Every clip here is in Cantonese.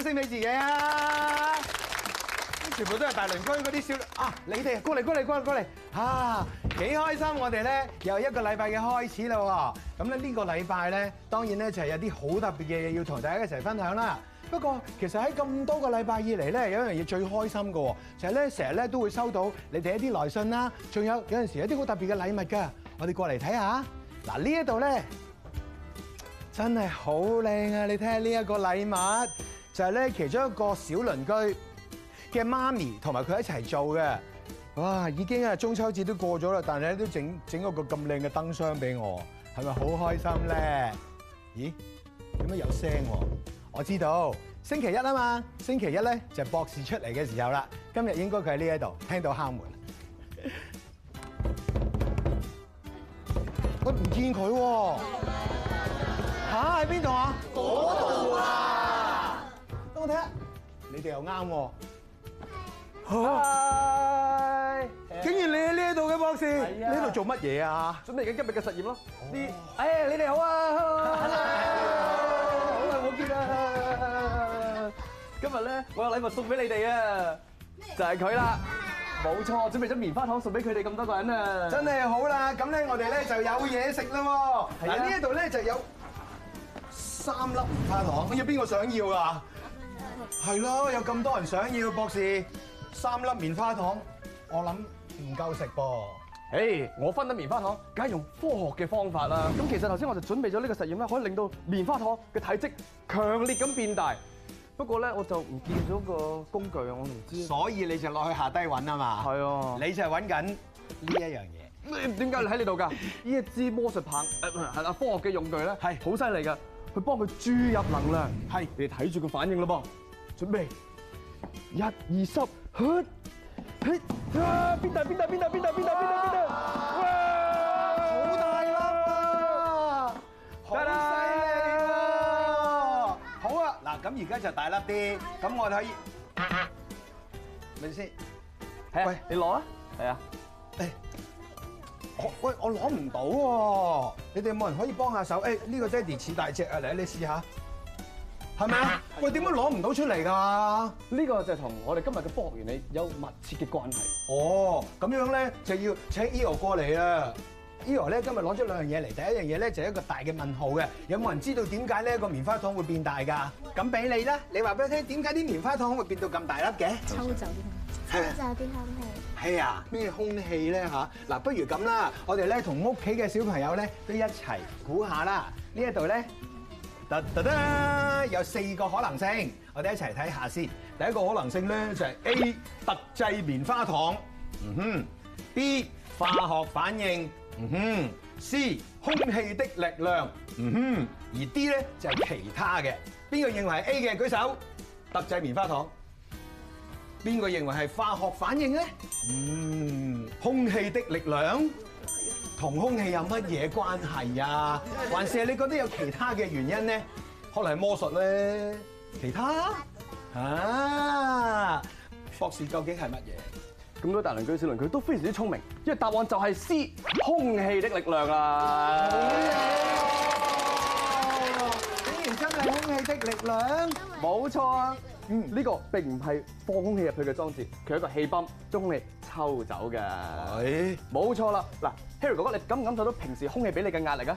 升俾自己啊！全部都係大鄰居嗰啲小啊，你哋過嚟過嚟過過嚟啊，幾開心！我哋咧又一個禮拜嘅開始啦，咁咧呢個禮拜咧當然咧就係有啲好特別嘅嘢要同大家一齊分享啦。不過其實喺咁多個禮拜以嚟咧，有樣嘢最開心嘅，就係咧成日咧都會收到你哋一啲來信啦，仲有有陣時有啲好特別嘅禮物噶。我哋過嚟睇下嗱，呢一度咧真係好靚啊！你睇下呢一個禮物。就係咧，其中一個小鄰居嘅媽咪同埋佢一齊做嘅，哇！已經啊中秋節都過咗啦，但係咧都整整咗個咁靚嘅燈箱俾我，係咪好開心咧？咦？點解有聲？我知道，星期一啊嘛，星期一咧就博士出嚟嘅時候啦。今日應該佢喺呢一度聽到敲門，我唔見佢喎。吓！喺邊度啊？嗰度啊！我睇下，你哋又啱喎。拜拜。竟然你喺呢度嘅博士，呢度做乜嘢啊？準備緊今日嘅實驗咯。啲，誒，你哋好啊。好耐冇見啦。今日咧，我有禮物送俾你哋啊。咩？就係佢啦。冇錯，準備咗棉花糖送俾佢哋咁多個人啊。真係好啦，咁咧我哋咧就有嘢食啦喎。係啊。呢一度咧就有三粒棉花糖，咁有邊個想要啊？係咯，有咁多人想要博士三粒棉花糖，我諗唔夠食噃。誒，我分得棉花糖，梗係用科學嘅方法啦。咁其實頭先我就準備咗呢個實驗啦，可以令到棉花糖嘅體積強烈咁變大。不過咧，我就唔見咗個工具啊，我唔知。所以你就落去下低揾，啊嘛。係啊。你就係揾緊呢一樣嘢。點解你喺呢度噶？呢一支魔術棒係啦，科學嘅用具咧，係好犀利噶，去幫佢注入能量。係，你睇住個反應咯噃。準備一二十，嘿，嘿啊！邊大邊大邊大邊大邊大邊大邊大哇！好大粒啊！好犀利喎！好啊，嗱咁而家就大粒啲，咁我哋睇明先。喂，你攞啊？係啊。誒，我喂我攞唔到喎。你哋有冇人可以幫下手？誒，呢個爹地似大隻啊，嚟你試下，係咪啊？喂，點解攞唔到出嚟㗎？呢個就同我哋今日嘅科學原理有密切嘅關係。哦，咁樣咧就要請 Eo 過嚟啊！Eo 咧今日攞咗兩樣嘢嚟，第一樣嘢咧就係一個大嘅問號嘅，有冇人知道點解呢個棉花糖會變大㗎？咁俾喂你啦，你話俾我聽，點解啲棉花糖會變到咁大粒嘅？抽走啲，吧抽走啲空氣。係啊，咩空氣咧嚇？嗱，不如咁啦，我哋咧同屋企嘅小朋友咧都一齊估下啦。呢一度咧。嗒嗒嗒，有四個可能性，我哋一齊睇下先。第一個可能性呢就係 A 特製棉花糖，嗯哼；B 化學反應，嗯哼；C 空氣的力量，嗯哼。而 D 呢就係其他嘅。邊個認為 A 嘅舉手？特製棉花糖。邊個認為係化學反應呢？嗯，空氣的力量。同空氣有乜嘢關係啊？還是你覺得有其他嘅原因咧？可能係魔術咧，其他啊？啊博士究竟係乜嘢？咁多大鄰居小鄰居都非常之聰明，因為答案就係 C 空氣的力量啊吧！竟然真係空氣的力量，冇沒錯啊！嗯，呢個並唔係放空氣入去嘅裝置，佢係一個氣泵將空氣抽走㗎。係，冇錯啦。嗱，Harry 哥哥，你感唔感受到平時空氣俾你嘅壓力啊？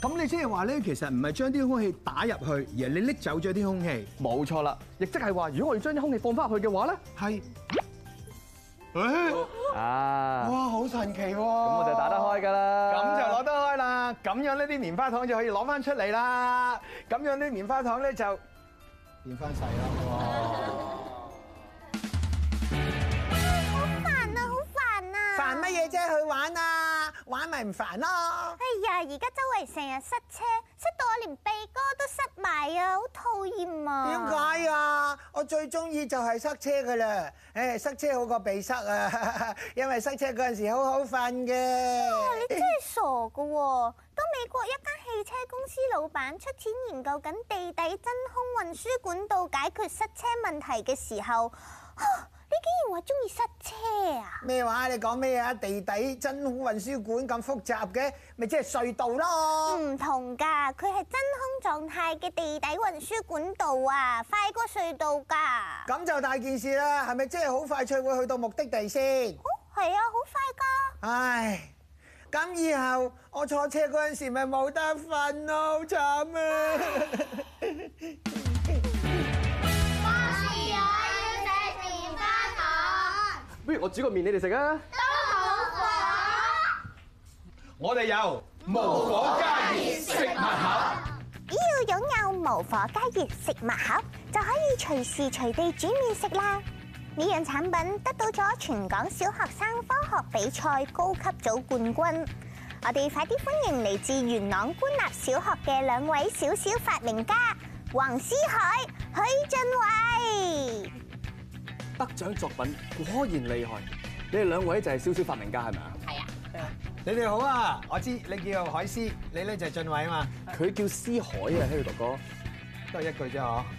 咁你即係話咧，其實唔係將啲空氣打入去，而係你拎走咗啲空氣，冇錯啦。亦即係話，如果我要將啲空氣放翻去嘅話咧，係。啊！哇，好神奇喎！咁我就打得開噶啦。咁就攞得開啦。咁樣咧，啲棉花糖就可以攞翻出嚟啦。咁樣啲棉花糖咧就變翻細咯。哇！好煩啊！好煩啊！煩乜嘢啫？去玩啊！玩咪唔煩咯！哎呀，而家周圍成日塞車，塞到我連鼻哥都塞埋啊，好討厭啊！點解啊？我最中意就係塞車噶啦！誒、哎，塞車好過鼻塞啊， 因為塞車嗰陣時好好瞓嘅。你真係傻噶，啊！ 當美國一間汽車公司老闆出錢研究緊地底真空運輸管道解決塞車問題嘅時候，啊你竟然話中意塞車啊？咩話？你講咩啊？地底真空運輸管咁複雜嘅，咪即係隧道咯？唔同噶，佢係真空狀態嘅地底運輸管道啊，快過隧道噶。咁就大件事啦，係咪即係好快脆會去到目的地先？哦，係啊，好快噶。唉，咁以後我坐車嗰陣時咪冇得瞓咯，好慘啊！我煮個麵你哋食啊！都好火，我哋有無火加熱食物盒。只要擁有無火加熱食物盒，就可以隨時隨地煮麵食啦。呢樣產品得到咗全港小學生科學比賽高級組冠軍。我哋快啲歡迎嚟自元朗官立小學嘅兩位小小發明家黃思海、許俊偉。得獎作品果然厲害，你哋兩位就係小小發明家係咪啊？係啊，哎哎、你哋好啊！我知你叫海思，你咧就係俊偉啊嘛，佢叫思海啊，希月、嗯、哥哥，都係一句啫呵。我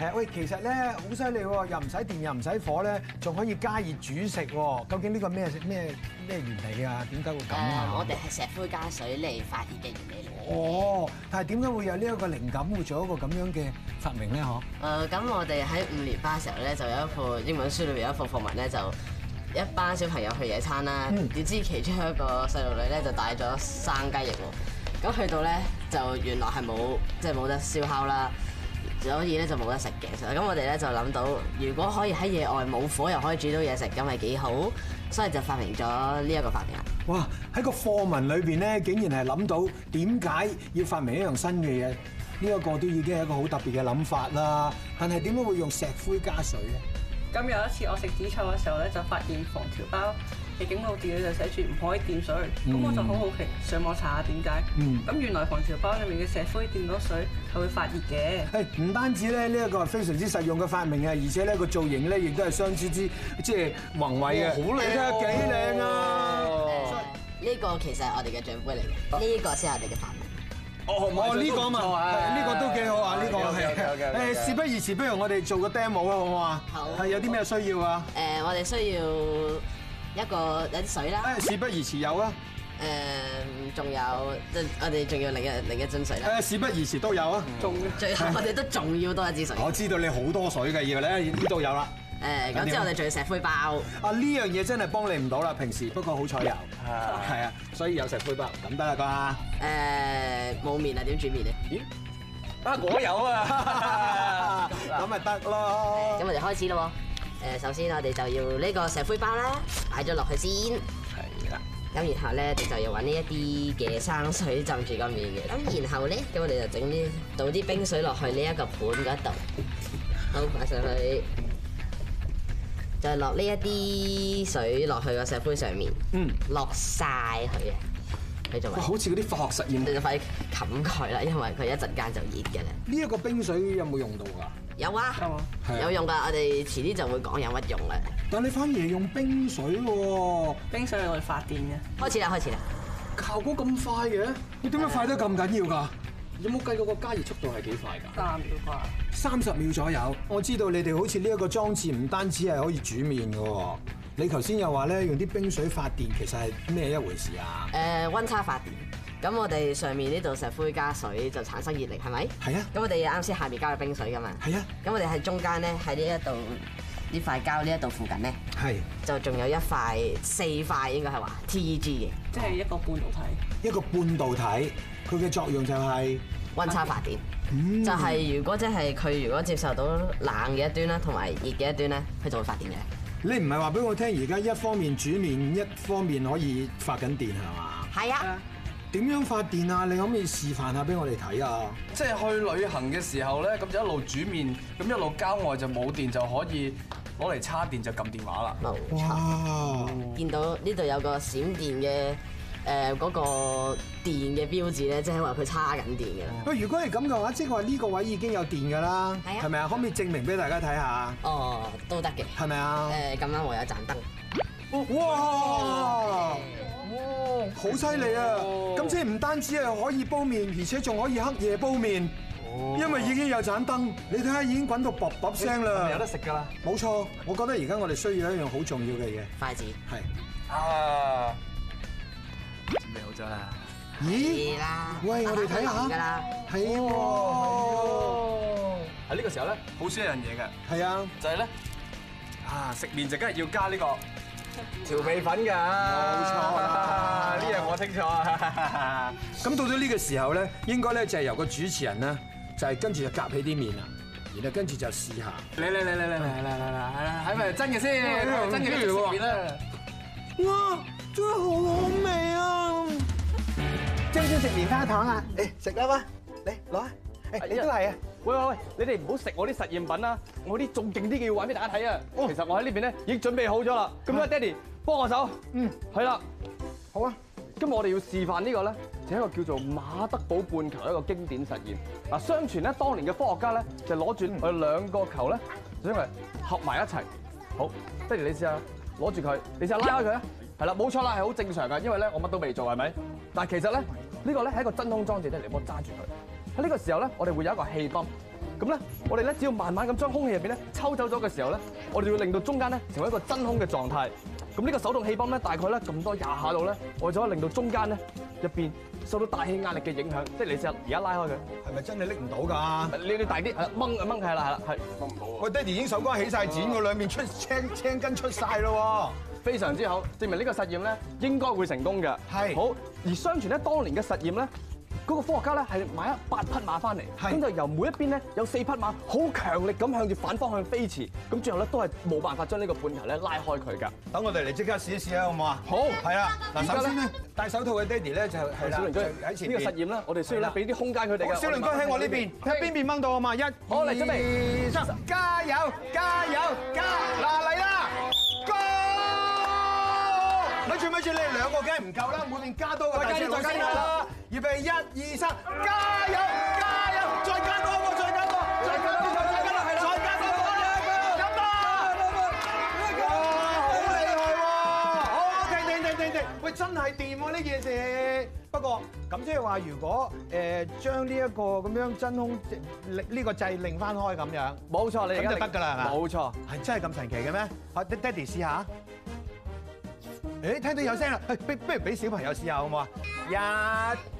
誒喂，其實咧好犀利喎，又唔使電又唔使火咧，仲可以加熱煮食喎。究竟呢個咩咩咩原理啊？點解會咁啊？我哋係石灰加水嚟發熱嘅原理嚟。哦，但係點解會有呢一個靈感，會做一個咁樣嘅發明咧？嗬、嗯。誒、嗯，咁我哋喺五年班嘅時候咧，就是、有一副英文書裏邊有一個課文咧，就一班小朋友去野餐啦。嗯。點知其中一個細路女咧就帶咗生雞翼喎。咁去到咧就原來係冇，即係冇得燒烤啦。所以咧就冇得食嘅，咁我哋咧就諗到，如果可以喺野外冇火又可以煮到嘢食，咁係幾好，所以就發明咗呢一個發明。哇！喺個課文裏邊咧，竟然係諗到點解要發明一樣新嘅嘢，呢一個都已經係一個好特別嘅諗法啦。但係點解會用石灰加水咧？咁有一次我食紫菜嘅時候咧，就發現防潮包。嘅警告字就寫住唔可以掂水，咁我就好好奇上網查下點解。咁原來防潮包裡面嘅石灰掂到水係會發熱嘅。唔單止咧呢一個非常之實用嘅發明啊，而且咧個造型咧亦都係相處之即係宏偉嘅。好靚啊！幾靚啊！呢個其實係我哋嘅獎杯嚟嘅，呢個先係我哋嘅發明。哦，好，係呢個啊嘛，呢個都幾好啊，呢個係誒，事不宜遲，不如我哋做個 demo 啦，好唔好啊？好。係有啲咩需要啊？誒，我哋需要。一個飲水啦，事不宜遲有啊、嗯，誒仲有，我哋仲要另一另一樽水啦，誒事不宜遲都有啊、嗯，仲最後我哋都仲要多一支水，我知道你好多水嘅，而家呢度有啦、嗯，咁之後我哋仲要石灰包。啊呢樣嘢真係幫你唔到啦，平時，不過好彩有，係啊，所以有石灰包咁得啦啩。誒冇麵啊點煮麵咧？咦？啊果有啊，咁咪得咯，咁咪就我哋開始咯誒，首先我哋就要呢個石灰包啦，擺咗落去先。係啦。咁然後咧，我哋就要搵呢一啲嘅生水浸住個麵嘅。咁然後咧，咁我哋就整啲倒啲冰水落去呢一個盤嗰度。好，擺上去。再落呢一啲水落去個石灰上面。嗯。落晒佢啊！你做咩？哇！好似嗰啲化學實驗。你就快冚佢啦，因為佢一陣間就熱嘅啦。呢一個冰水有冇用到㗎？有啊，啊有用噶，我哋遲啲就會講有乜用啦。但係你反而用冰水喎、啊，冰水嚟發電嘅。開始啦，開始啦。效果咁快嘅？你點解快得咁緊要㗎？呃、有冇計過個加熱速度係幾快㗎？三秒快。三十秒左右。我知道你哋好似呢一個裝置唔單止係可以煮麵嘅，你頭先又話咧用啲冰水發電，其實係咩一回事啊？誒、呃，溫差發電。咁我哋上面呢度石灰加水就產生熱力，係咪？係啊。咁我哋啱先下面加咗冰水噶嘛？係啊。咁我哋喺中間咧，喺呢一度呢塊膠呢一度附近咧，係就仲有一塊四塊應該係話 TEG 嘅，即係一個半導體。一個半導體，佢嘅作用就係温差發電，就係如果即係佢如果接受到冷嘅一端啦，同埋熱嘅一端咧，佢就會發電嘅。你唔係話俾我聽，而家一方面煮麵，一方面可以發緊電係嘛？係啊。點樣發電啊？你可唔可以示範下俾我哋睇啊？即係去旅行嘅時候咧，咁就一路煮麵，咁一路郊外就冇電，就可以攞嚟叉電就撳電話啦。冇錯！哇！見到呢度有個閃電嘅誒嗰個電嘅標誌咧，即係話佢叉緊電嘅啦。喂！哇！如果係咁嘅話，即係話呢個位已經有電噶啦，係咪啊？可唔可以證明俾大家睇下？哦，都得嘅，係咪啊？誒、嗯，咁樣我有一盞燈燈。哇！哇哇好犀利啊！咁即係唔單止係可以煲麵，而且仲可以黑夜煲麵，因為已經有盞燈。你睇下已經滾到卜卜聲啦，有得食噶啦！冇錯，我覺得而家我哋需要一樣好重要嘅嘢，筷子，係啊，準備好咗啦！咦啦，喂，我哋睇下，係喎。喺呢個時候咧，好少一樣嘢嘅，係啊，就係咧，啊，食麵就梗係要加呢個。調味粉噶，冇錯啦，呢樣我清楚啊。咁到咗呢個時候咧，應該咧就係由個主持人啦，就係跟住就夾起啲麵啊，然後跟住就試下。嚟嚟嚟嚟嚟嚟嚟嚟嚟，係咪真嘅先？真嘅先食麵哇，真係好好味啊！鍾唔鍾意食棉花糖啊？嚟食啦嘛，嚟攞。Polite, 你都係啊！喂喂喂，你哋唔好食我啲實驗品啦！我啲仲勁啲嘅要揾俾大家睇啊！其實我喺呢邊咧已經準備好咗啦！咁啊，爹哋幫我手。嗯，係啦，好啊！咁我哋要示範呢個咧，就係一個叫做馬德堡半球嘅一個經典實驗。嗱，相傳咧，當年嘅科學家咧就攞住佢兩個球咧，將佢合埋一齊。好，爹哋你試下攞住佢，你試下拉開佢啦。係啦，冇錯啦，係好正常噶，因為咧我乜都未做，係咪？但係其實咧呢個咧係一個真空裝置咧，你幫我揸住佢。喺呢個時候咧，我哋會有一個氣泵，咁咧，我哋咧只要慢慢咁將空氣入邊咧抽走咗嘅時候咧，我哋會令到中間咧成為一個真空嘅狀態。咁呢個手動氣泵咧，大概咧咁多廿下度咧，我就可以令到中間咧入邊受到大氣壓力嘅影響，即係你只而家拉開佢，係咪真係拎唔到㗎？你你大啲，掹掹佢啦，係。掹唔到啊！喂，爹哋已經手瓜起晒，剪、啊，我兩面出青青筋出晒咯，非常之好，證明呢個實驗咧應該會成功嘅。係。好，而相傳咧，當年嘅實驗咧。嗰個科學家咧係買咗八匹馬翻嚟，咁就由每一邊咧有四匹馬，好強力咁向住反方向飛馳，咁最後咧都係冇辦法將呢個半球咧拉開佢噶。等我哋嚟即刻試一試啦，好唔好啊？好，係啊。嗱，首先咧，戴手套嘅爹哋咧就係小鄰居喺前。呢個實驗啦，我哋需要咧俾啲空間佢哋嘅。小鄰居喺我呢邊，喺邊邊掹到啊嘛？一、好，二、三，準備！加油！加油！加嗱嚟啦！Go！咪住咪住，你哋兩個梗係唔夠啦，每邊加多個啦。預備，一二三，加油加油，再加多一個，再加多，再加多，再加多，再加多，加油，飲啊！好厲害喎，好，停停停停停，喂，真係掂喎呢件事。不過咁即係話，如果誒將呢一個咁樣真空力呢個掣擰翻開咁樣，冇錯你，咁就得㗎啦，係咪？冇錯，係真係咁神奇嘅咩？好，爹哋試下，誒聽到有聲啦，不不如俾小朋友試下好唔好啊？一。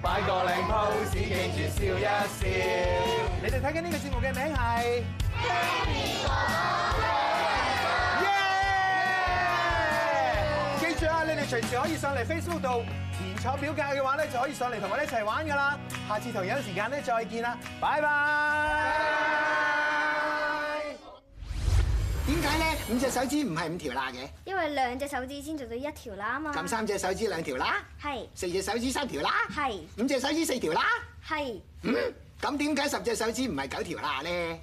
擺個靚 pose，記住笑一笑。你哋睇緊呢個節目嘅名係《Kimi 和我》。耶！記住啊，你哋隨時可以上嚟 Facebook 度填錯表格嘅話咧，就可以上嚟同我哋一齊玩噶啦。下次同樣時間咧，再見啦，拜拜。五隻手指唔係五條罅嘅，因為兩隻手指先做到一條罅嘛。咁三隻手指兩條罅，係是四隻手指三條罅，係是五隻手指四條罅，係是。嗯，咁點解十隻手指唔係九條罅咧？